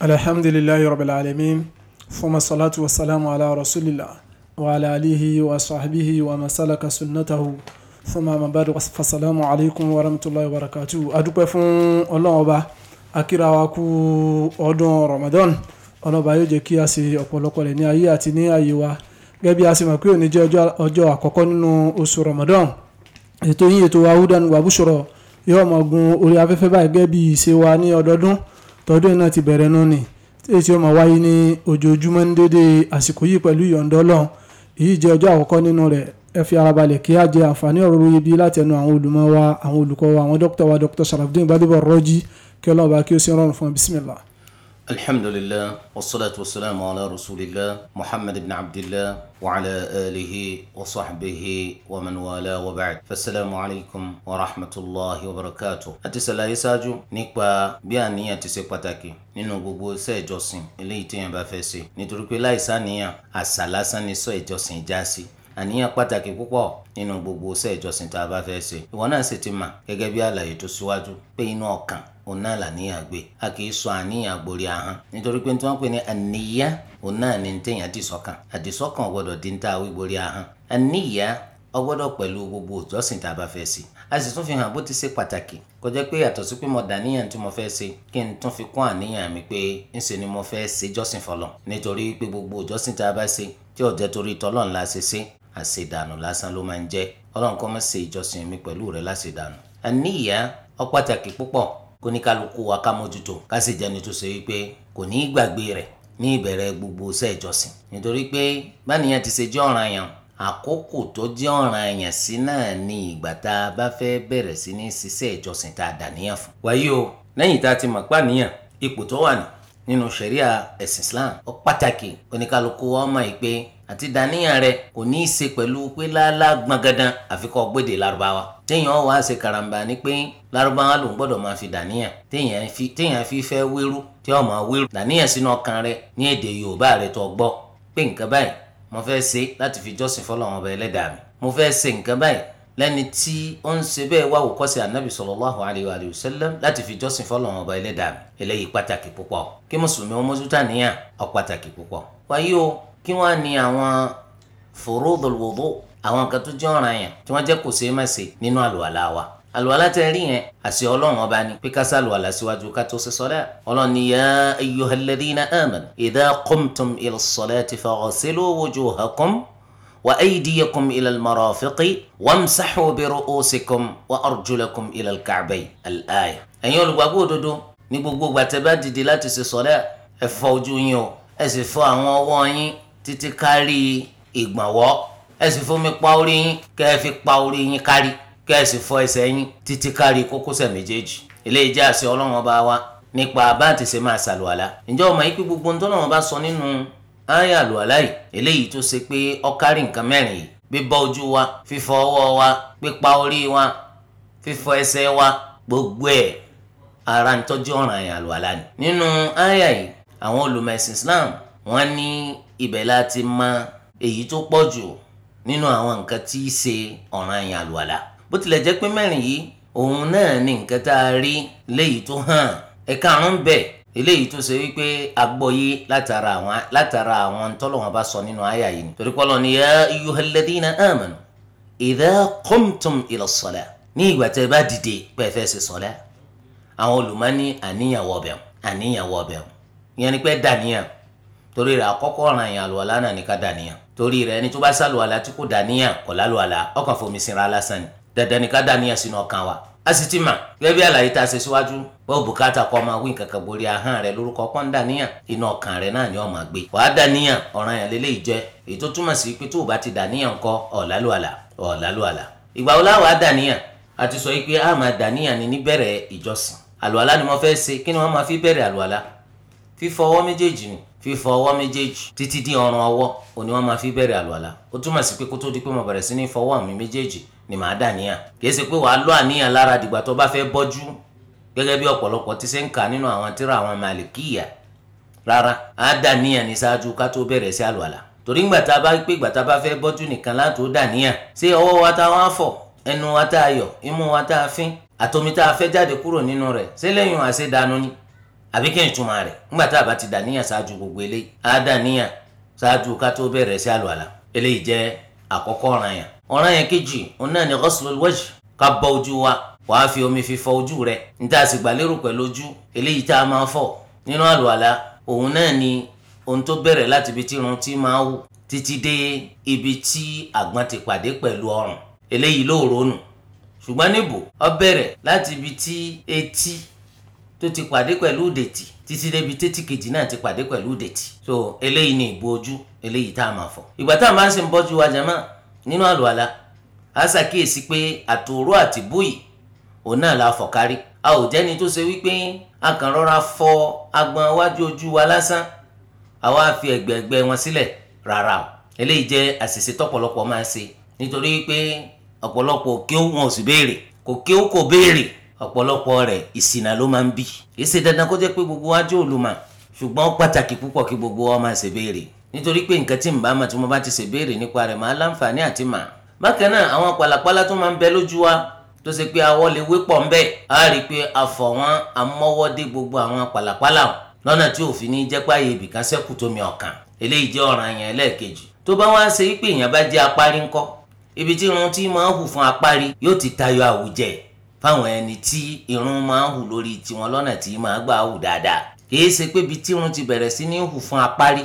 alhamdulilayi rabbil alamin fuma salatu wa salamu ala rasulillah wa ala alihi wa sahbihi wa masalaka sunnatahu fuma amabadu fasalamu alaykum wa rahmatulahi wa barakatu adúpẹ́ fún Ọlọ́run Ọba akira wa kú ọdún ramadan Ọlọ́run Ọba yóò jẹ́ kí a ṣe ọ̀pọ̀lọpọ̀ rẹ̀ ní ayé àti ní ayé wa gẹ́gẹ́ bí a ṣe mọ̀ pé òní jẹ́ ọjọ́ àkọ́kọ́ nínú oṣù ramadan ètò yín ètò wa húdánù yóò mọ̀ gun orí afẹ́fẹ́ báyìí gẹ́gẹ́ bí ìṣe wa ní ọdọọdún tọdún náà ti bẹ̀rẹ̀ náà ni èyí tí ó máa wáyé ní ojoojúmọ́ ní dédé àsìkò yìí pẹ̀lú ìyọ̀ǹda ọlọ́run èyí jẹ́ ọjọ́ àkọ́kọ́ nínú rẹ̀ ẹ fi ara balẹ̀ kí á jẹ àǹfààní ọ̀rọ̀ orí ibi láti ẹnu àwọn olùmọ̀ wa àwọn olùkọ́ wa àwọn dókítà wa dókítà Sharafdin Gbadebo Rọ́jí kí ọlọ́run bá kí ó sì rọrùn fún bismillah. الحمد لله والصلاة والسلام على رسول الله محمد بن عبد الله وعلى آله وصحبه ومن والاه وبعد فالسلام عليكم ورحمة الله وبركاته أتسلا يساجو نكبا بيان نية نينو بوبو سي جوسين اللي يتين بافيسي نتركو لا يسانيا السلاسة نسو جوسين جاسي àníyàn pàtàkì púpọ̀ nínú gbogbo ṣe ìjọsìn tá a bá fẹ́ ṣe ìwọ náà sì ti ona la n'iya gbe. a kì í sọ àníyàn gborí ahọ́n nítorí pé tí wọ́n pè ní àníyá ni téèyàn dìsọ́kàn àdìsọ́kàn gbọ́dọ̀ dín tá a wí gborí ahọ́n àníyá ọgbọ́dọ̀ pẹ̀lú gbogbo òjọ́sìn tá a bá fẹ́ sí a sì tún fi hàn bó ti ṣe pàtàkì kò pé yàtọ̀ sí pé mo dàníyàn tí mo fẹ́ ṣe kí n tún fi kún àníyàn mi pé ńṣe ni mo fẹ́ ṣe jọ́sìn gbogbo òjọ́sìn tá a bá ṣe tí torí kó ní kálukú wa ká mójútó ká sì jẹ́ni tó ṣe wípé kò ní í gbàgbé rẹ̀ ní ìbẹ̀rẹ̀ gbogbo iṣẹ́ nítorí pé bániyàn ti ṣe jẹ́ ọ̀ràn yàn àkókò tó jẹ́ ọ̀ràn yàn sí náà ni ìgbà tá a bá fẹ́ bẹ̀rẹ̀ sí ní ṣiṣẹ́ ìjọsìn tá a dà níyàn fún. wàyí o lẹ́yìn tá a ti mọ̀ pàníyàn ipò tó wà ní nínú ṣẹ̀ríà ẹ̀sìn Islam ó pàtàkì oníkálukú ọmọ yìí pé àti dàníyàn rẹ kò ní í ṣe pẹ̀lú pé lálá gbọ̀ngàdàn àfikọ́ gbèdè lárúbáwá téèyàn wá ṣe karambà ni pé lárúbáwá ló ń gbọ́dọ̀ máa fi dàníyàn téèyàn fi fẹ́ wérú tí ó máa wérú dàníyàn sínú ọkàn rẹ ní èdè Yorùbá rẹ tó gbọ́ pé nǹkan báyìí mo fẹ́ ṣe láti fi jọ́sìn fọlọ́wọn ọba ẹlẹ́dàá mi mo fẹ́ ṣe nǹkan báyìí lẹ́ni tí ó ń ṣe bẹ́ẹ̀ wá òkọ́sí anabi sallallahu alayhi wa sallam láti fi jọ́sìn fọlọ́run ọba ẹlẹ́dàá mi eléyìí pàtàkì púpọ̀ kí mùsùlùmí ọmọ sùtà níyà ọ pàtàkì púpọ̀. wáyé o kí wọ́n á ní àwọn furudul wudu àwọn nǹkan tó jẹ́ ọ̀ràn yẹn tí wọ́n jẹ́ kò ṣeé má ṣe nínú àlùwàlá wa àlùwàlá tẹ rí yẹn àṣẹ ọlọ́run ọba ni pé ká وأيديكم إلى المرافق وامسحوا برؤوسكم وأرجلكم إلى الكعبين الآية أن يلقوا دودو نبقوا باتباد دلات الصلاة ẹ̀fọ́jú yín o ẹ sì fọ àwọn ọwọ́ yín títí kárí ìgbọ̀nwọ́ ẹ sì fomi pa orí yín kẹ́ ẹ fi pa orí yín kárí kẹ́ ẹ sì fọ ẹsẹ̀ yín títí kárí kókósẹ̀ méjèèjì eléyìí jẹ́ àṣẹ Ọlọ́run ọba wa nípa bá àtẹ̀sẹ̀ máa ṣàlùwàlá ǹjẹ́ ọmọ yìí pé gbogbo ohun tó náà wọ́n bá sọ nínú áyà àlùwàlá yìí eléyìí tó ṣe pé ọkárí nǹkan mẹ́rin yìí ojú wa fífọ ọwọ́ wa pípa orí wa fífọ ẹsẹ̀ wa gbogbo ẹ̀ ara ń tọ́jú ọ̀ràn àyà àlùwàlá ni. nínú áyà yìí àwọn olùmọ̀ẹ̀sìn Islam wọ́n ní ibẹ̀ láti mọ èyí tó pọ̀ jù nínú àwọn nǹkan tí í ṣe ọ̀ràn àyà àlùwàlá bó tilẹ̀ jẹ́ pé mẹ́rin yìí òun náà ni nǹkan tá a rí léyìí tó hàn ẹ̀ka àrùn bẹ́ẹ̀ eléyìí tó ṣe wípé agbọ́yé látara àwọn látara àwọn tọ́lọ́wọ́n bá sọ nínú àyà yìí torí pé Ọlọ́hun ní ya ayyuhalladhina amanu idha qumtum ila salah ní ìgbà tẹ́ bá dìde pé ẹ fẹ́ ṣe sọ́lá àwọn olùmọ́ni àníyàwó ọbẹ̀ àníyàwó ọbẹ̀ ìyẹn ni pé dàníyàn torí rẹ̀ àkọ́kọ́ ọ̀ràn yẹn àlùwàlá náà ní ká dàníyàn torí rẹ̀ ẹni tó bá sálùwàlá tí kò dàníyàn kò lálùwàlá ọkàn fomi sinra lásán ni dandan ní ká dàníyàn sínú ọkàn wa asitima gẹ́gẹ́ bí àlàyé tá a ṣe síwájú wọ́n bùkátà kọ́ máa wí nǹkan kan borí ahọ́n rẹ lórúkọ pọ́ńdà níyàn iná ọkàn rẹ náà ni ó máa gbé wàá dà níyàn ọ̀ràn yẹn lélẹ́yìí jẹ́ èyí tó túmọ̀ sí pé tó o bá ti dà níyàn ńkọ́ ọ̀làlúwàlà wo láwàá dà níyàn a ti sọ pé a máa dà níyàn ni níbẹ̀rẹ̀ ìjọsìn àlùwàlà ni mo fẹ́ ṣe kí ni wọ́n máa fi bẹ̀rẹ̀ àlùwàlà fífọ ọwọ́ méjèèjì ni fífọ ọwọ́ méjèèjì títí dín ọrùn ọwọ́ òní wọ́n máa fi bẹ̀rẹ̀ àlùwàlà ó túmọ̀ sí pé kó tó di pé mo bẹ̀rẹ̀ sí ní fọwọ́ mi méjèèjì ni màá dà níyà kìí ṣe pé wàá lọ àníyàn lára dìgbà tó bá fẹ́ bọ́jú gẹ́gẹ́ bí ọ̀pọ̀lọpọ̀ ti ṣe ń kà nínú àwọn tíra àwọn màlìkíyà rárá á dà níyà ní ṣáájú ká tó bẹ̀rẹ̀ sí àlùwàlà torí ńgbà tá a bá pé ìgbà tá a bá fẹ́ bọ́jú nìkan láti ó dà níyà ṣé ọwọ́ wa tá a wá fọ̀ ẹnu wa tá a yọ imú wa tá a fín àtomi tá a fẹ́ jáde kúrò nínú rẹ̀ ṣé lẹ́yìn àṣedànù ni àbí kí n túmọ̀ rẹ̀ ńgbà tá a bá ti dà níyà ṣáájú gbogbo eléyìí á dà níyà ṣáájú ká tó bẹ̀rẹ̀ sí àlùwàlà eléyìí jẹ́ àkọ́kọ́ ọ̀ranyàn ọ̀ràn yẹn kejì òun náà ni ghuslul wajh ká bọ ojú wa wàá fi omi fi fọ ojú rẹ níta sì gbàlérò pẹ̀lú ojú eléyìí tá a máa fọ nínú àlùwàlá òun náà ni ohun tó bẹ̀rẹ̀ láti ibi tí irun ti máa wù títí dé ibi tí àgbọn ti pàdé pẹ̀lú ọrùn eléyìí lóòrò nù ṣùgbọ́n níbò ó bẹ̀rẹ̀ láti ibi tí etí tó ti pàdé pẹ̀lú ìdètì títí débi tétí kejì náà ti pàdé pẹ̀lú ìdètì so eléyìí ni ìbò ojú eléyìí tá a máa fọ ìgbà tá máa ń ṣe ń bọ́jú wa jẹ́ máa nínú àlùwàlá a ṣàkíyèsí pé àtòrò àti búyì òun náà la fọ̀kárí a ò jẹ́ni tó ṣe wípé a kàn rọra fọ agbọ̀n iwájú ojú wa lásán àwa fi ẹ̀gbẹ̀ẹ̀gbẹ́ wọn sílẹ̀ rárá o eléyìí jẹ́ àṣìṣe tọ́pọ̀lọpọ̀ máa ṣe nítorí pé ọ̀pọ̀lọpọ̀ kí ó wọn ò sì béèrè kò kí ó kò béèrè ọ̀pọ̀lọpọ̀ rẹ̀ ìsìnà ló máa ń bì. èsì dandan kó jẹ́ pé gbogbo wa jẹ́ olùmọ̀ pàtàkì púpọ̀ kí gbogbo wa máa ṣe béèrè nítorí pé nǹkan tí n bá mọ̀ tí mo bá ti ṣèbéèrè nípa rẹ̀ máa láǹfààní àti mà. bákan náà àwọn pàlàpàlà tó máa ń bẹ lójú wa tó ṣe pé awọ lè wé pọ̀ ńbẹ́ á rí i pé àfọ̀wọ́n amọ́wọ́dé gbogbo àwọn pàlàpàlà lọ́nà tí òfin ní jẹ́ páyé ibìkan sẹ́kù tómi ọ̀kan eléyìí jẹ́ ọ̀ràn yẹn ẹlẹ́ẹ̀kejì tó bá wá ṣe pé èèyàn bá jẹ́ apárí ńkọ́ ibi tí irun tí máa ń hù fún apárí yóò ti tayọ àwùjẹ fáwọn ẹni tí irun máa ń hù lórí tiwọn lọ́nà tí máa gbà hù dáadáa kì í ṣe pé ibi tí irun ti bẹ̀rẹ̀ sí ní hù fún apárí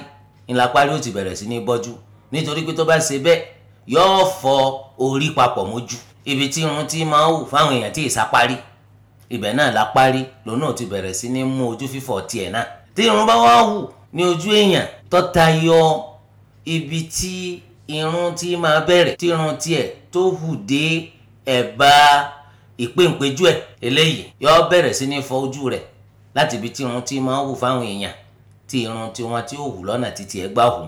ńlá parí ó ti bẹ̀rẹ̀ sí ní bọ́jú nítorí pé tó bá ṣe bẹ́ẹ̀ yóò fọ orí papọ̀ mójú ibi tí irun ti máa wù fáwọn èèyàn tí ìsá parí ibẹ̀ náà la parí lòun náà ti bẹ̀rẹ̀ sí ní mú ojú fífọ̀ tiẹ̀ náà tí irun bá wá wù ní ojú èèyàn tó tayọ ibi tí irun ti máa bẹ̀rẹ̀ tí irun tiẹ̀ tó hù dé ẹ̀bá ìpéǹpéjú ẹ̀ eléyìí yóò bẹ̀rẹ̀ sí ní fọ ojú rẹ̀ láti ibi tí irun ti máa wù fáwọn èèyàn tí irun tiwọn tí ó wù lọ́nà títí ẹ̀ gbà hù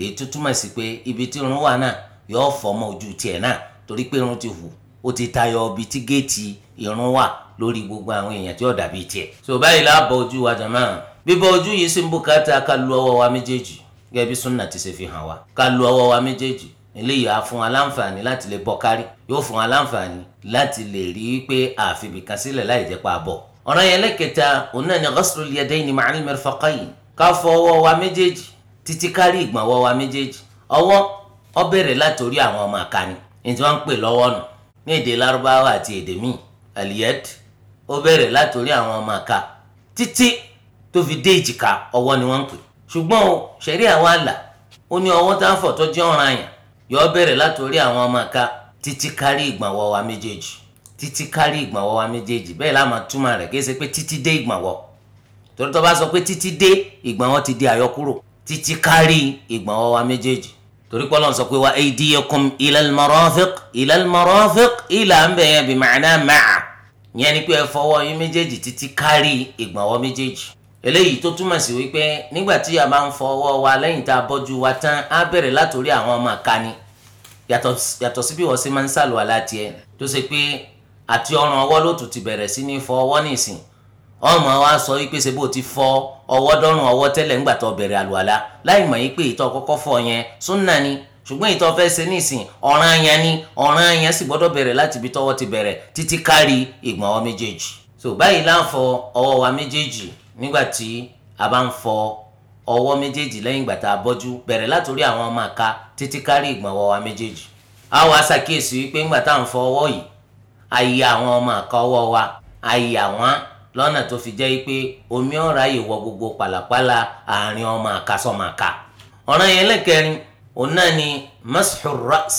èyí tó túmọ̀ sí pé ibi tí irun wà náà yóò fọmọ ojú tiẹ̀ náà torí pé irun ti hù ó ti tayọ ibi tí géètì irun wà lórí gbogbo àwọn èèyàn tí ó dàbí tiẹ̀. so báyìí láàbọ̀ ojú wa jàmá bíbọ̀ ojú yìí sì ń bùkátà ká lu ọwọ́ wa méjèèjì gẹ́gẹ́ bí súnà ti ṣe fi hàn wá ká lu ọwọ́ wa méjèèjì eléyìí á fún wa láǹfààní láti lè bọ́ kárí yóò fún wa láǹfààní láti lè rí i pé àfibìkan sílẹ̀ láì jẹ́ pa àbọ̀. ọ̀ràn yẹn lẹ́kẹta òun náà ni ghuslu al-yadayni ma'a al-mirfaqayn ká fọ ọwọ́ wa méjèèjì títí kárí ìgbọ̀nwọ́ wa méjèèjì ọwọ́ ọ bẹ̀rẹ̀ látòrí àwọn ọmọ àkànní ní tí wọ́n ń pè lọ́wọ́ nù ní èdè lárúbáwá àti èdè míì aliyed ó bẹ̀rẹ̀ látòrí àwọn ọmọ àka títí tó fi dé ìjìká ọwọ́ ni wọ́n ń pè ṣùgbọ́n o ṣẹ̀rí àwọn àlà ó ní ọwọ́ tá à ń fọ̀ tó jẹ́ ọ̀ràn àyàn yọ ọ bẹ̀rẹ̀ látòrí àwọn ọmọ àka títí kárí ìgbọ̀nwọ́ wa méjèèjì títí kárí ìgbọ̀nwọ́ wa méjèèjì bẹ́ẹ̀ la túmọ̀ rẹ̀ kí ẹ ṣe pé títí dé ìgbọ̀nwọ́ torí tó bá sọ pé títí dé ìgbọ̀nwọ́ ti di àyọkúrò títí kárí ìgbọ̀nwọ́ wa méjèèjì torí pé Ọlọ́run sọ pé wa aydiyakum ilal marafiq ilal ìlà ń bẹ̀yẹ bí ma'na ma'a yẹn ni pé ẹ fọwọ́ yín méjèèjì títí kárí ìgbọ̀nwọ́ méjèèjì eléyìí tó túmọ̀ sí wípé nígbà tí a máa ń fọwọ́ wa lẹ́yìn tá a bọ́jú wa tán á bẹ̀rẹ̀ látòrí àwọn ọmọ àkàní yàtọ̀ sí bí wọ́n ṣe máa ń sàlùwà láti ẹ̀ tó ṣe pé àti ọrùn ọwọ́ ló ti bẹ̀rẹ̀ sí ní fọ nìsín ọmọ wa sọ wípé sebo ti fọ ọwọ́ dọ́rùn ọwọ́ tẹ́lẹ̀ ńgbà tó bẹ̀rẹ̀ àlùwàlá láì mọ̀ wípé ìtọ̀ kọ́kọ́ fọ yẹn súnà ni ṣùgbọ́n ìtọ̀ fẹ́ ṣe nísìn ọ̀ranyàn ni ọ̀ranyàn sì gbọ́dọ̀ bẹ̀rẹ̀ láti ibi tọ́wọ́ ti bẹ̀rẹ̀ títí kárí ìgbọ̀n ọwọ́ méjèèjì. so báyìí la ń fọ ọwọ́ wa méjèèjì nígbà tí a bá ń fọ ọwọ́ méjèèjì lẹ́yìn ìgbà tá a bọ́jú bẹ̀rẹ̀ látòrí àwọn ọmọ àka títí kárí ìgbọ̀n ọwọ́ wa méjèèjì. a wá ṣàkíyèsí wípé ńgbà tá à ń fọ ọwọ́ yìí àyè àwọn ọmọ lọ́nà tó fi jẹ́ pé omi ọ̀rá yìí wọ gbogbo pàlàpàlà àárín ọmọ àkàsọ̀màkà ọ̀ràn yẹn lẹ́kẹrin òun náà ni mashur ras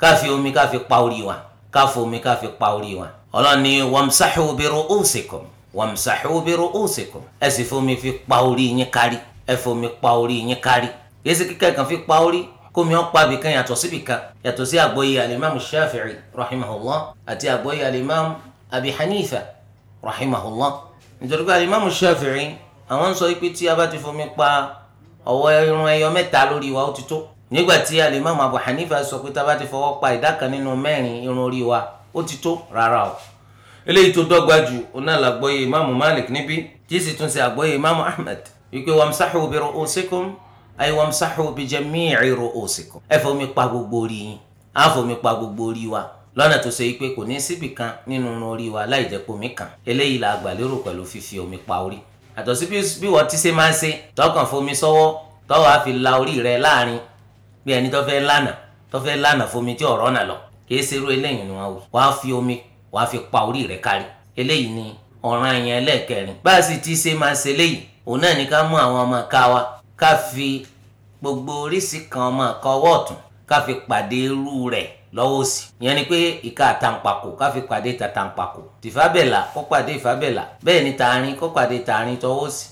káfi omi káfi pa orí wa káfi omi káfi pa orí wa ọlọ́ni wamsahu bi ru'usikum wamsahu bi ru'usikum ẹ sì fomi fi pa orí yín kárí ẹ fomi pa orí yín kárí yéésì kíkẹ́ kan fi pa orí kómi ọ̀pá bìkan yàtọ̀ síbìkan yàtọ̀ sí àgbọ̀yé alimami shafi'i rahimahullah àti àgbọ̀yé alimami abi rahimahullah nítorí pé alimami shafi'i àwọn ń sọ pé tí a bá ti fomi pa ọwọ́ irun ẹyọ mẹ́ta lórí wa ó ti tó nígbà tí alimami abu hanifa sọ pé tá a bá ti fọwọ́ pa ìdá kan nínú mẹ́rin irun orí wa ó ti tó rárá o eléyìí tó dọ́gba jù ọ̀nà làgbọ́yé imaamu malik níbí tí sì tún ṣe àgbọ́yé imaamu ahmed wípé wamsahu bi ru'usikum ay wamsahu bi jami'i ru'usikum ẹ fomi pa gbogbo orí yín á fomi pa gbogbo orí wa lọ́nà tó ṣe pé kò ní síbì kan nínú irun orí wa láì jẹ́ pomi kan eléyìí la gbàlérò pẹ̀lú fífi omi pa orí àtọ̀ sí bí wọ́n ti ṣe máa ń ṣe tọkàn fomi sọ́wọ́ tọ́wọ́ á fi la orí rẹ láàrin bí ẹni tó fẹ́ lánàá tó fẹ́ lánàá fomi tí ọ̀rọ̀ náà lọ kìí ṣerú eléyìí ni wọ́n wò wàá fi omi wàá fi pa orí rẹ kárí eléyìí ni ọ̀ràn yẹn ẹlẹ́ẹ̀kẹrin bá a sì ti ṣe máa ṣe léyìí òun náà ni ká mú àwọn ọmọ ká wa ká fi gbogbo oríṣi lọ́wọ́ òsì ìyẹn ni pé ìka àtàǹpàkò káfi pàdé ìtàtàǹpàkò tìfábẹ̀là kó pàdé ìfábẹ̀là bẹ́ẹ̀ ni tààrin kó pàdé tààrin tọwọ́ òsì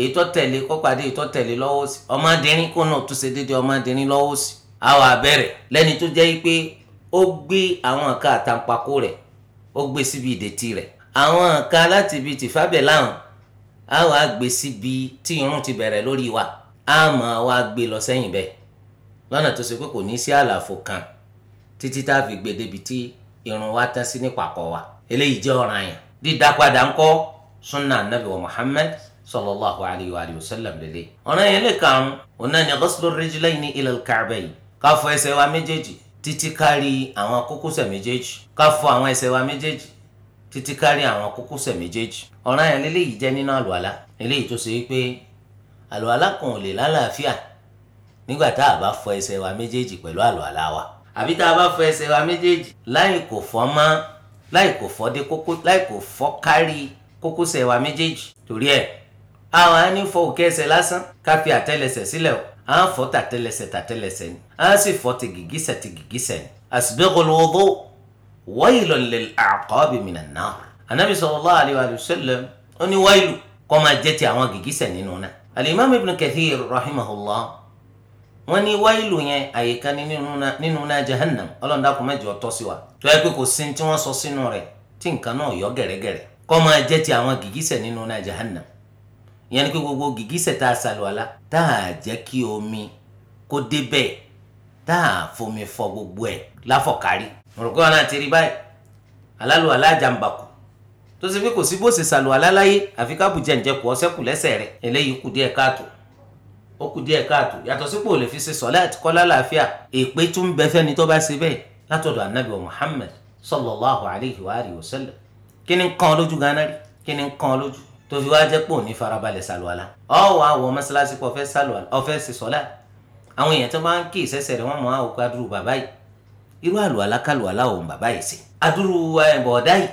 èyí tó tẹ̀lé kó pàdé èyí tó tẹ̀lé lọ́wọ́ òsì ọmọdéní kó náà tún ṣe déédéé ọmọdéní lọ́wọ́ òsì àwọn abẹ́rẹ́ lẹ́ni tó jẹ́ pé ó gbé àwọn ìka àtàǹpàkò rẹ̀ ó gbé síbi ìdètí rẹ̀ àwọn ìka láti ibi tìfábẹ̀là hàn àwọn àgbè síbi tí irun ti bẹ̀rẹ̀ lórí wa àmọ́ àwọn àgbè lọ sẹ́yìn bẹ́ẹ̀ lọ́nà tó ṣe pé kò ní sí àlàfo kan títí tá a fi gbé débi tí irun wa tán sí ní pàkọ́ wa eléyìí jẹ́ ọ̀ràn yẹn dídá padà ń kọ́ sunna anabi wa muhammad sallallahu alayhi wa sallam lele ọ̀ràn yẹn lè karùn-ún ọ̀nà ni ghuslu rijlayni ila al-ka'bayn ká fọ ẹsẹ̀ wa méjèèjì títí kárí àwọn kókósẹ̀ méjèèjì ká fọ àwọn ẹsẹ̀ wa méjèèjì títí kárí àwọn kókósẹ̀ méjèèjì ọ̀ràn yẹn lélẹ́yìí jẹ́ nínú àlùwàlá eléyìí tó ṣe pé àlùwàlá kan ò lè lálàáfíà nígbà tá a bá fọ ẹsẹ̀ wa méjèèjì pẹ̀lú àlùwàlá wa àbí tá a bá fọ ẹsẹ̀ wa méjèèjì láì kò fọ́ mọ́ láì kò fọ́ dé kókó láì kò fọ́ kárí kókósẹ̀ wa méjèèjì torí ẹ̀ àwọn á ní fọ òkè ẹsẹ̀ lásán ká fi àtẹ́lẹsẹ̀ sílẹ̀ o à ń fọ tàtẹ́lẹsẹ̀ tàtẹ́lẹsẹ̀ ni à ń sì fọ tìgìgísẹ̀ tìgìgísẹ̀ ni asbighul wudu waylun lil a'qabi minan nar anabi sallallahu alayhi wa sallam ó ní wáyìlù kó máa jẹ́ ti àwọn gìgísẹ̀ nínú náà al ibn kathir rahimahullah wọ́n ní wáìlù yẹn àyíká ní nínú náà jahannam ọlọ́run dákun mẹ́jọ tọ́ sí wa tó yẹ pé kò sí tí wọ́n sọ sínú rẹ̀ tí nǹkan náà yọ gẹ̀rẹ́gẹ̀rẹ́ kọ́ máa jẹ́ ti àwọn gìgísẹ̀ nínú náà jahannam ìyẹn ni pé gbogbo gìgísẹ̀ tá a ṣàlùwàlá tá a jẹ́ kí omi kó débẹ̀ tá a fomi fọ gbogbo ẹ̀ láfọ̀kárí mọ̀rọ̀kọ́ wọn náà ti rí báyìí alálùwàlá àjàmbàkù tó ṣe pé kò sí bó ṣe ṣàlùwàlá láyé àfi ó kù díẹ̀ káàtó yàtọ̀ sípò lè fi ṣe sọ̀láàtì kọ́lá làáfíà èpè tún bẹ fẹ́ni tó bá ṣe bẹ́ẹ̀ látọ̀dọ̀ anabi wa muhammed sallallahu alayhi wa alihi wa sallam kí ni kàn lójú gánà rí kí ni kàn lójú tó fi wá jẹ́ pò ní farabalẹ̀ sàlùwàlà ọ̀wọ́ àwọ̀ mọ́sálásí kò fẹ́ sàlùwàlà ọ̀fẹ́ ṣe sọ̀lá àwọn èèyàn tó máa ń kí ìṣẹ́ṣẹ́ rẹ̀ wọ́n mọ̀ àwọn kadúrú bàbá yìí irú àlùwàlà kàlùwàlà òun bàbá yìí sí adúrú bọ̀ọ̀dá yìí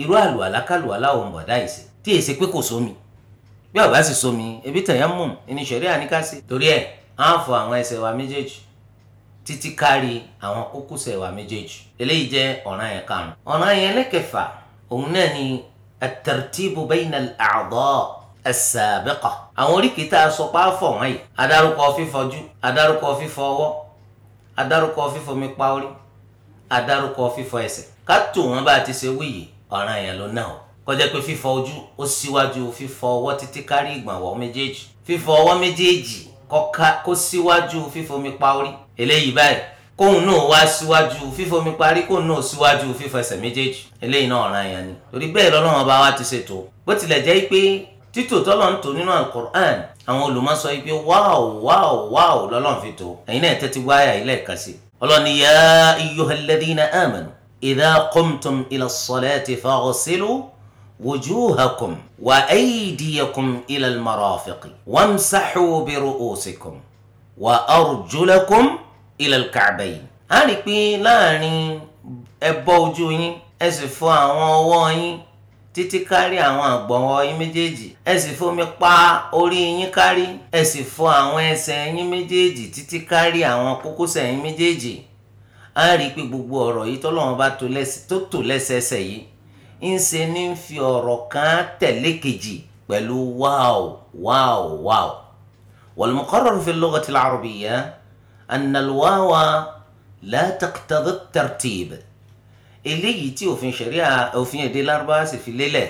irú àlùwàlà kàlùwàlà òun bọ̀ọ̀dá yìí sí tí èsì pé kò sómi bí ọba sì somi ebi tayammum ẹni ṣẹ̀ríà ní ká ṣe torí ẹ̀ á fọ àwọn ẹsẹ̀ wa méjèèjì títí kárí àwọn kókósẹ̀ wa méjèèjì eléyìí jẹ́ ọ̀ràn yẹn karùn-ún. ọ̀ràn yẹn lẹ́kẹ̀fà òun náà ni at-tartibu bayna al-a'dha as-sabiqa. àwọn oríkèé tá a sọ pé á fọ̀ wọ́n yìí adarúkọ fífọjú adarúkọ fífọ ọwọ́ adarúkọ fífọ mi pa orí adarúkọ fífọ ẹsẹ̀ ká tò wọ́n bá ti ṣe wíyì ọ̀ràn yẹn ló náà kọjá pé fífọ ojú ó síwájú fífọ ọwọ́ títí kárí ìgbọ̀nwọ́ méjèèjì fífọ ọwọ́ méjèèjì kó síwájú fífomi pa orí eléyìí báyìí kóun náà wá síwájú fífomi parí kóun náà síwájú fífẹsẹ̀ méjèèjì eléyìí náà ọ̀ràn yẹn ni torí bẹ́ẹ̀ lọ́lọ́run ọba wa ti ṣètò bó tilẹ̀ jẹ́ pé títò tọ́lọ̀ ń tò nínú alukur'an àwọn olùmọ̀sọ yìí pé wáò wáò wáò lọ́lọ́run fi tò ẹ̀yin náà tẹ́tí wáyà وجوهكم وأيديكم إلى المرافق وامسحوا برؤوسكم وأرجلكم إلى الكعبين هاني بي لاني ẹbọ ojú yín ẹ sì fọ àwọn ọwọ́ yín títí kárí àwọn àgbọ̀nwọ́ yín méjèèjì ẹ sì fomi pa orí yín kárí ẹ sì fọ àwọn ẹsẹ̀ yín méjèèjì títí kárí àwọn kókósẹ̀ yín méjèèjì á rí i pé gbogbo ọ̀rọ̀ yìí tọ́lọ́run bá tó tò lẹ́sẹẹsẹ yìí ńṣe ní fi ọ̀rọ̀ kan tẹ̀lé kejì pẹ̀lú wáò wáò wáò. والمقرر في اللغة العربية أن الواو لا تقتضي الترتيب eléyìí tí òfin ṣẹ̀ríà òfin èdè lárúbáwá sì fi lélẹ̀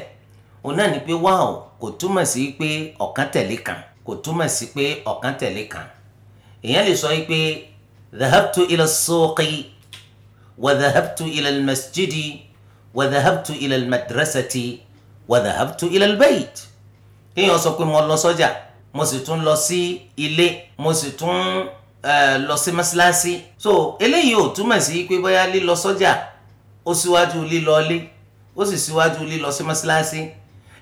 òun náà ni pé wáò kò túmọ̀ sí pé ọ̀kan tẹ̀lé kan kò túmọ̀ sí pé ọ̀kan tẹ̀lé kan èèyàn lè sọ pé ذهبت إلى السوق وذهبت إلى المسجد wa dhahabtu ila al-madrasati wa dhahabtu ila al-bayt kéèyàn sọ pé mo lọ sọ́jà mo sì tún lọ sí ilé mo sì tún lọ sí mọ́ṣáláṣí so eléyìí ò túmọ̀ sí pé bóyá lílọ sọ́jà ó síwájú lílọ ilé ó sì síwájú lílọ sí mọ́ṣáláṣí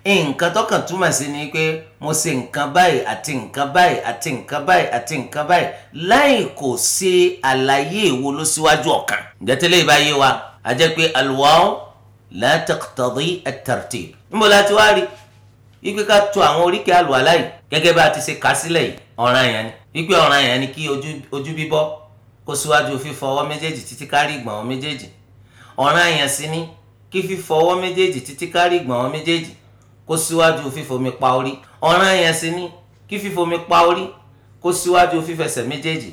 nǹkan tọkàn túmọ̀ sí ni pé mo ṣe nǹkan báyìí àti nǹkan báyìí àti nǹkan báyìí àti nǹkan báyìí láì kò ṣe àlàyé èwo ló síwájú ọ̀kan. ǹjẹ́ tẹ́lẹ̀ ìbáyé wa a jẹ́ pé alùwàá la taqtadi at-tartib. níbo la ti wá rí ipe ká tu àwọn oríkèé àlùwàlá yìí gẹ́gẹ́ bá a ti ṣe kà sílẹ̀ yìí ọ̀ràn yẹn ni ipe ọ̀ràn yẹn ni kí ojú bíbọ́ kó síwájú fífọ ọwọ́ méjèèjì títí kárí ìgbọ̀n ọwọ́ méjèèjì ọ̀ràn yẹn sì ni kí fífọ ọwọ́ méjèèjì títí kárí ìgbọ̀n méjèèjì kó síwájú fífomi pa orí ọ̀ràn yẹn sì ni kí fífomi pa orí kó síwájú fífẹsẹ̀ méjèèjì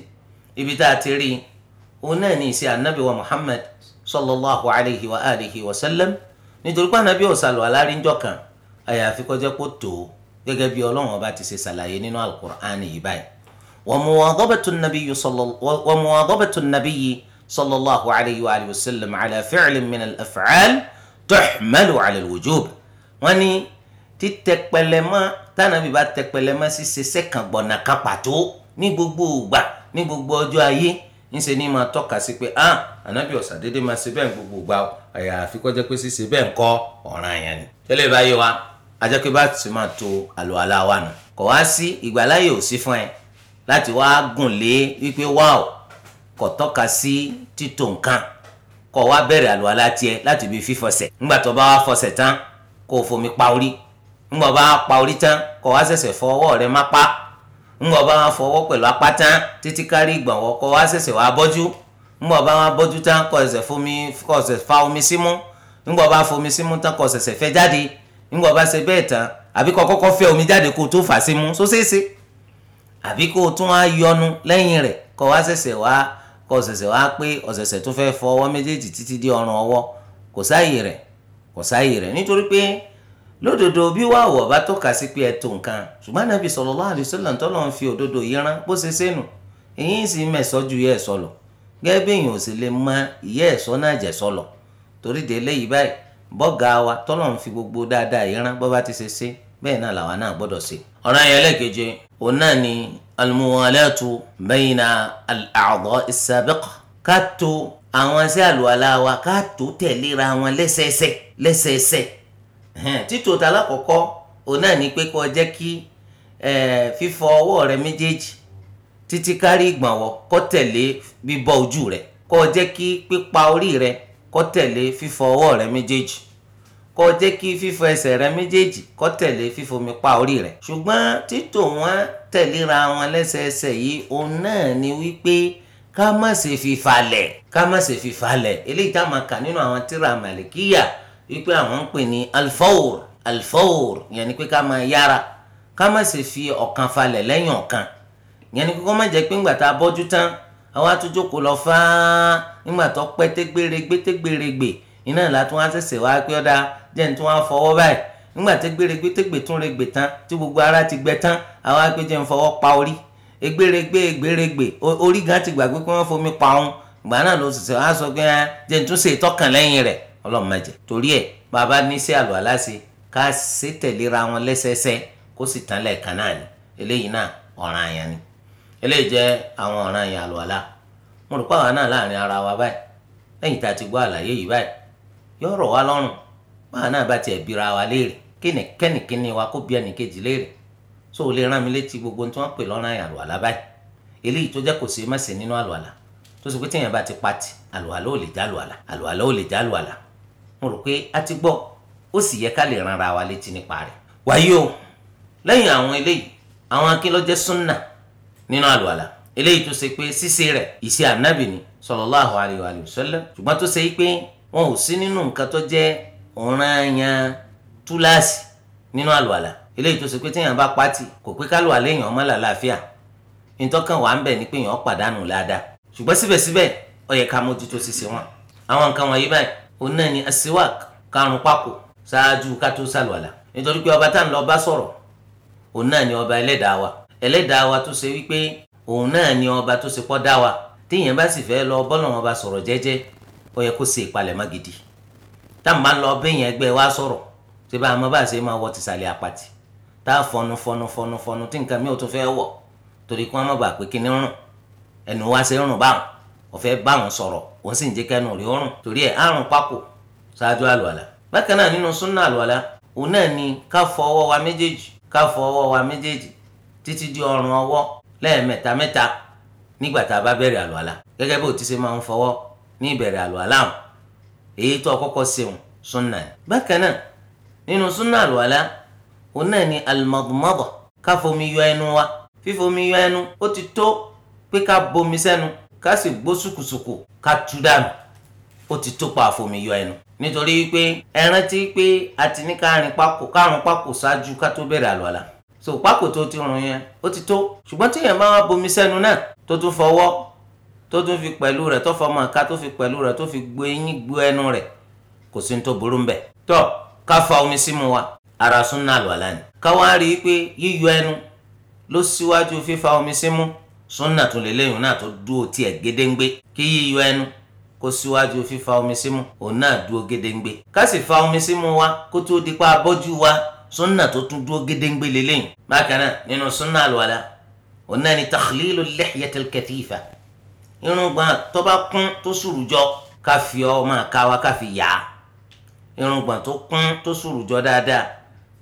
ibi tá a ti rí i òun náà ní ìṣe ànábì wa sallallahu alayhi wa alihi wa sallam nítorí pé anabi ọ̀sàlù alárìnjọ kan àyàfi kọjá pé tó gẹ́gẹ́ bí ọlọ́run ọba ti ṣe ṣàlàyé nínú alukur'an yìí báyìí wa muwadabatu nabiyyi sallallahu alayhi wa alihi wa sallam ala fi'lin min al-af'al tuhmalu ala al-wujub wọ́n ní títẹpẹlẹmọ tànàbí bá tẹpẹlẹmọ ṣíṣe sẹkàngbọnà kan pàtó ní gbogbo ìgbà ní gbogbo ọjọ́ ayé ńṣe ni máa tọ́ka sí pé ah ànábì ọ̀sà dédé máa ṣe bẹ́ẹ̀ gbogbo gbà ó àyà àfikọ́ jẹ́ pé ṣíṣe bẹ́ẹ̀ ń kọ́ ọ̀ràn yẹn ni. tẹ́lẹ̀ báyìí wa ajẹ́ pé bá ti máa to àlọ́ aláwa nù kọ̀ wá sí ìgbàláyè ò sí fún ẹ láti wá gùn lé wípé wá ò kọ̀ tọ́ka sí títò nǹkan kọ̀ wá bẹ̀rẹ̀ àlọ́ alá tiẹ̀ láti ibi fífọsẹ̀ ńgbà tó bá wá fọsẹ̀ tán kó fomi pa orí ńgbà bá pa orí tán kọ̀ wá ṣẹ̀ṣẹ̀ fọ ọwọ́ rẹ má pa ńgbọ̀ bá wọn fọwọ́ pẹ̀lú apá tán títí kárí ìgbọ̀nwọ́ kọ́ wá ṣẹ̀ṣẹ̀ wá bọ́jú ńgbọ̀ bá wọn bọ́jú tán kọ́ ẹ̀sẹ̀ fomi kọ́ ẹ̀sẹ̀ fa omi símú ńgbọ̀ bá fomi símú tán kọ́ ẹ̀sẹ̀ fẹ́ jáde ńgbọ̀ bá ṣe bẹ́ẹ̀ tán àbí kọ́ kọ́kọ́ fẹ́ omi jáde kó o tó fà símú sóṣèṣe àbí kó o tún wá yọnu lẹ́yìn rẹ̀ kọ́ wá ṣẹ̀ṣẹ̀ wá kọ́ ṣẹ̀ṣẹ̀ wá pé ọ̀ṣẹ̀ṣẹ̀ tó fẹ́ fọ ọwọ́ méjèèjì títí dé ọrùn ọwọ́ kò sáàyè rẹ̀ kò sáàyè rẹ̀ nítorí pé lódodo bí wàá wọ̀ bá tọ́ka sí pé ẹ tó nǹkan ṣùgbọ́n nàbì sallallahu alaihi wasallam tó lọ́n fi òdodo yìí rán bó ṣe sẹ́nu èyí sì mẹ̀sọ́ ju yẹ́ ẹ̀sọ́ lọ gẹ́gẹ́ bí èèyàn ò sì lè mọ ìyẹ́ ẹ̀sọ́ náà jẹ̀sọ́ lọ torí de eléyìí báyìí bọ́gà wa tọ́lọ̀ ń fi gbogbo dáadáa yìí rán bó bá ti ṣe ṣe bẹ́ẹ̀ náà làwa náà gbọ́dọ̀ ṣe. ọ̀ràn títò tá lákọ̀ọ́kọ́ òun náà ni pé kó o jẹ́ kí fífọ ọwọ́ rẹ méjèèjì títí kárí ìgbọ̀nwọ́ kó tẹ̀lé bíbọ́ ojú rẹ kó o jẹ́ kí pípa orí rẹ kó tẹ̀lé fífọ ọwọ́ rẹ méjèèjì kó o jẹ́ kí fífọ ẹsẹ̀ rẹ méjèèjì kó tẹ̀lé fífomi pa orí rẹ. ṣùgbọ́n títò wọn tẹ̀léra wọn lẹ́sẹẹsẹ yìí òun náà ni wípé ká má ṣe fi ká má ṣe fi eléyìí tá a máa kà nínú àwọn tírà màlìkíyà wípé àwọn ń pè ní alfawr alfawr yẹn ni pé ká máa yára ká má ṣe fi ọ̀kan falẹ̀ lẹ́yìn ọ̀kan yẹn ni pé kó má jẹ́ pé ńgbà tá a bọ́jú tán àwa tó jókòó lọ fáá ńgbà tó pẹ́ tégbèrègbè tégbèrègbè iná ìlà tó wá ṣẹ̀ṣẹ̀ wá pé ọ̀dà jẹ́ ní tó wá fọwọ́ báyìí ńgbà tégbèrègbè tégbètúnrègbè tán tí gbogbo ara ti gbẹ tán àwa pé ń fọwọ́ pa orí egbèrègbè egbèrègbè orí gan ti gbàgbé pé wọ́n fomi pa òun ìgbà náà ló ṣẹ̀ṣẹ̀ wá sọ pé jẹ́ ní tó ṣe ìtọ́kàn lẹ́yìn rẹ̀ ọlọ́run má jẹ́ torí ẹ̀ bàbá ní sí àlọ́ aláṣẹ ká ṣe tẹ̀léra wọn lẹ́sẹsẹ kó sì tán lẹ́ẹ̀kan náà ni eléyìí náà ọ̀ràn àyàn ni eléyìí jẹ́ àwọn ọ̀ràn àyàn àlọ́ àlá mo rò pé àwa náà láàrin ara wa báyìí lẹ́yìn tá a ti gbọ́ àlàyé yìí báyìí yóò rọ̀ wá lọ́rùn báwa náà bá tiẹ̀ bira wa léèrè kínìkínìkínì wa kó bí ẹnìkejì léèrè so o lè rán mi létí gbogbo tí wọ́n pè lọ́rùn àyàn àlọ́ àlá báyìí eléyìí tó jẹ́ kò sí mẹ́sìn nínú àlọ́ àlá tó sì pé téèyàn bá ti pati àlọ́ àlá ò lè já àlọ́ àlá àlọ́ àlá ò lè já àlọ́ àlá mo rò pé a ti gbọ́ ó sì yẹ ká lè ranra wa létí nípa rẹ̀. wàyí o lẹ́yìn àwọn eléyìí àwọn akínlọ́jẹ́ súnà nínú àlùwàlà eléyìí tó ṣe pé ṣíṣe rẹ̀ ìṣe ànábì ni sallallahu alayhi wa sallam ṣùgbọ́n tó ṣe pé wọn ò sí nínú nǹkan tó jẹ́ ọ̀ranyàn túláàsì nínú àlùwàlà eléyìí tó ṣe pé téèyàn bá pátì kò pé kálùwàlà èèyàn ọmọ làlàáfíà nítọ́kàn wà ń bẹ̀ ni pé èèyàn pàdánù ládàá ṣùgbọ́n síbẹ̀síbẹ̀ ó yẹ ká mójútó ṣíṣe wọn àwọn nǹkan wọ̀nyí báyìí òun náà ni asiwak karùn pákò ṣáájú ká tó sàlùwàlà nítorí pé ọba tá à ń lọ bá sọ̀rọ̀ òun náà ni ọba ẹlẹ́dàá wa ẹlẹ́dàá wa tó ṣe wípé òun náà ni ọba tó ṣe pọ́ dá wa téèyàn bá sì fẹ́ lọ bọ́lọ̀ wọn bá sọ̀rọ̀ jẹ́jẹ́ ó yẹ kó ṣe ìpalẹ̀mọ́ gidi tá à ń lọ béèyàn ẹgbẹ́ wa sọ̀rọ̀ ṣé bá a mọ bá a ṣe máa wọ tìsàlẹ̀ àpàtì tá a fọnu fọnu fọnu fọnu tí nǹkan mi ò tún fẹ́ wọ̀ torí kí wọ́n má bàa pé kí rùn ẹnu wa ṣe rùn báwọn ọ̀fẹ́ bá wọn sọ̀rọ̀ òun sì ń jẹ́ kẹ́nu rí ọrùn torí ẹ̀ àrùn pákò ṣáájú àlùwàlà. bákan náà nínú súnà àlùwàlà òun náà ni ká fọ ọwọ́ wa méjèèjì ká fọ ọwọ́ wa méjèèjì títí di ọrùn ọwọ́ lẹ́ẹ̀mẹ́ta mẹ́ta nígbà tá a bá bẹ̀rẹ̀ àlùwàlà gẹ́gẹ́ bó ti ṣe máa ń fọwọ́ ní ìbẹ̀rẹ̀ àlùwàlà hàn èyí tó kọ́kọ́ ṣeun súnà ẹ̀. bákan náà nínú súnà àlùwàlà òun náà ni ká sì gbó sùkùsùkù ká tú dànù ó ti tó pa àfòmìyọ ẹnu nítorí pé ẹ rántí pé a ti ní kárùn pákó ṣáájú ká tó bẹ̀rẹ̀ àlọ́lá so pákó tó ti rùn yẹn ó ti tó ṣùgbọ́n tí èèyàn bá wá bomi sẹ́nu náà tó tún fọwọ́ tó tún fi pẹ̀lú rẹ̀ tó fọmọ ká tó fi pẹ̀lú rẹ̀ tó fi gbó eyín gbó ẹnu rẹ̀ kò sí tó burú ń bẹ̀ tó ká fa omi símu wa ara sún náà lọ́la ni ká wá rí i pé yíyọ ẹnu ló síwájú fífa omi símu súnà tún lélẹ́yìn náà tó dúró tiẹ̀ gédéǹgbé kí yíyọ ẹnu kó síwájú fífa omi símú òun náà dúró gédéǹgbé ká sì fa omi símú wa kó tó di pa abọ́jú wa súnà tó tún dúró gédéǹgbé lélẹ́yìn bákan náà nínú súnà àlùwàlà òun náà ni takhlilu lihyatil katifa irùngbọ̀n tó bá kún tó sùrùjọ ká fi ọmọ àkáwa ká fi yà á irùngbọ̀n tó kún tó sùrùjọ dáadáa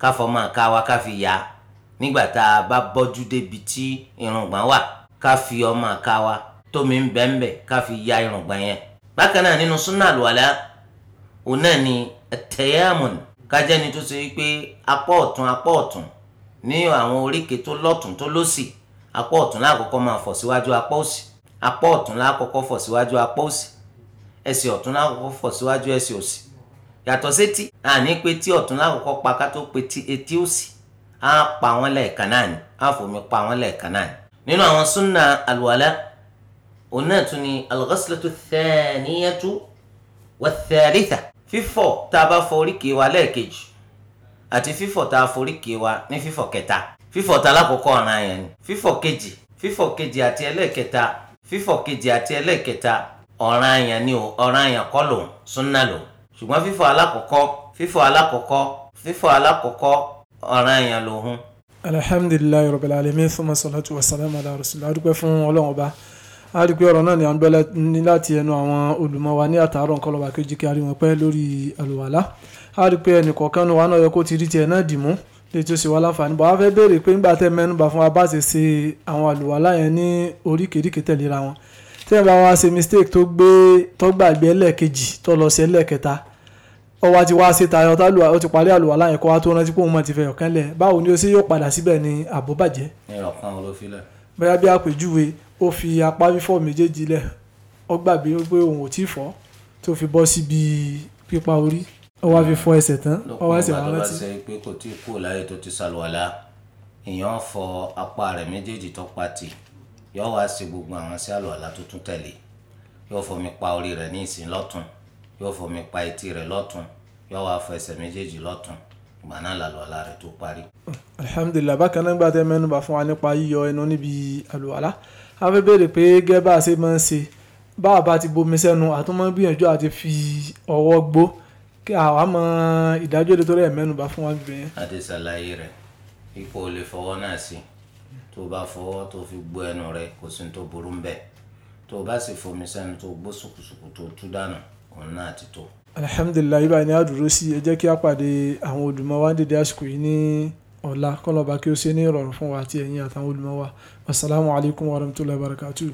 ká fọmọ àkáwa ká fi yà á nígbà tá a bá bọ́jú débi tí irùngbọ̀n wà ká fi ọmọ àká wa tómi ń bẹ́ ń bẹ́ ká fi ya irùngbọ̀n yẹn. bákan náà nínú súnà àlùwàlá òun náà ni tẹ̀yàmùn kájẹ́ni tó ṣe pé apá ọ̀tún apá ọ̀tún ní àwọn oríkèé tó lọ́tún tó lọ́sì apá ọ̀tún lákọ̀ọ́kọ́ máa fọ̀ síwájú apá òsì apá ọ̀tún lákọ̀ọ́kọ́ fọ̀ síwájú apá òsì ẹsẹ̀ ọ̀tún lákọ̀ọ́kọ́ fọ̀ síwájú ẹsẹ̀ òsì yàtọ̀ sétí àní pé tí ọ̀tún lákọ̀ọ́kọ́ pa ká tó pe etí òsì á pa wọ́n lẹ́ẹ̀kan náà ni á fòmí pa wọ́n lẹ́ẹ̀kan náà ni nínú àwọn súnà àlùwàlá òun náà tún ni alghaslatu thaniyatu wathalitha fífọ̀ tá a bá fọ oríkèé wa lẹ́ẹ̀kejì àti fífọ̀ tá a foríkèé wa ní fífọ̀ kẹta fífọ̀ tá alákọ̀ọ́kọ́ ọ̀ràn yẹn ni fífọ̀ kejì fífọ̀ kejì àti ẹlẹ́ẹ̀kẹta fífọ̀ kejì àti ẹlẹ́ẹ̀kẹta ọ̀ràn yẹn ni o ọ̀ràn yẹn kọ́ lòun súnà lòun ṣùgbọ́n fífọ̀ alákọ̀ọ́kọ́ fífọ̀ alákọ̀ọ́kọ́ fífọ̀ alákọ̀ọ́kọ́ ọ̀ràn yẹn lòun alhamdulilayi rabbil alamin fúnma salatu wa salam ala rasulillah adúpẹ́ fún ọlọ́run ọba adúpẹ́ ọ̀rọ̀ náà ni à ń gbọ́ ní láti ẹnu àwọn olùmọ̀ wa ní àtàárọ̀ nǹkan lọ́ba kejì kí a rí wọn pẹ́ lórí àlùwàlá adúpẹ́ ẹnìkọ̀ọ̀kan wa náà yẹ kó ti rí tiẹ̀ náà dì mú lè tó ṣe wá láǹfààní bọ̀ wá fẹ́ béèrè pé nígbà tẹ́ mẹ́nubà fún wa bá ṣe ṣe àwọn àlùwàlá yẹn ní oríkèéríkèé tẹ̀léra wọn tẹ́yìn bá wa ṣe mistake tó gbé tọ́gbàgbé ẹlẹ́ẹ̀kejì tó lọ sí ẹlẹ́ẹ̀kẹta ọwọ́ ti wá síta ọtá lùwà ó ti parí àlùwà láyìn kó wá tó rántí pé òun mọ̀ ti fẹ̀yọ̀ kan lẹ̀ báwo ni ó sì yóò padà síbẹ̀ ní àbóbàjẹ́. ẹ̀rọ kan ló fi lẹ̀. bóyá bí àpèjúwe ó fi apá fífọ́ méjèèjì lẹ̀ ó gbàgbé pé òun ò tí ì fọ́ tó fi bọ́ síbi pípa orí ó wá fi fọ ẹsẹ̀ tán ó wá ẹsẹ̀ wá rántí. lọ́kùnrin bá tó bá ṣe pé kò tí ì kú láyé yóò wá ṣe gbogbo àwọn sí àlùwàlá tó tẹ̀lé yóò fọmi pa orí rẹ̀ ní ìsìn yóò fomi pa etí rẹ̀ lọ́tún yóò wá fọ ẹsẹ̀ méjèèjì lọ́tún ìgbà náà làlùwàlá rẹ̀ tó parí. alhamdulilah bákan náà gbàtẹ́ mẹ́nubà fún wa nípa yíyọ ẹnu níbi àlùwàlá a fẹ́ béèrè pé gẹ́gẹ́ bá a ṣe máa ń ṣe bá a bá ti bomi sẹ́nu àtúmọ̀ gbìyànjú àti fi ọwọ́ gbó kí àwa mọ ìdájọ́ èdè tó rẹ̀ mẹ́nubà fún wa gbìyànjú. adé ṣàlàyé rẹ̀ ipò olè fọwọ́ náà sí tó bá fọwọ́ tó fi gbó ẹnu rẹ̀ kò sí tó burú ń bẹ̀ tó bá sì fomi sẹ́nu tó gbó sùkùsùkù tó tú dànù ọ̀nà àti tọ̀. alhamdulilayi ibà ni a dúró sí ẹ jẹ́ kí a pàdé àwọn olùmọ̀ wa dédé àsìkò yìí ní ọ̀la kọ́lọ́ba kí ó ṣe ní ìrọ̀rùn fún wa àti ẹ̀yin àtàwọn olùmọ̀ wasalaamualeykum wa rahmatulahi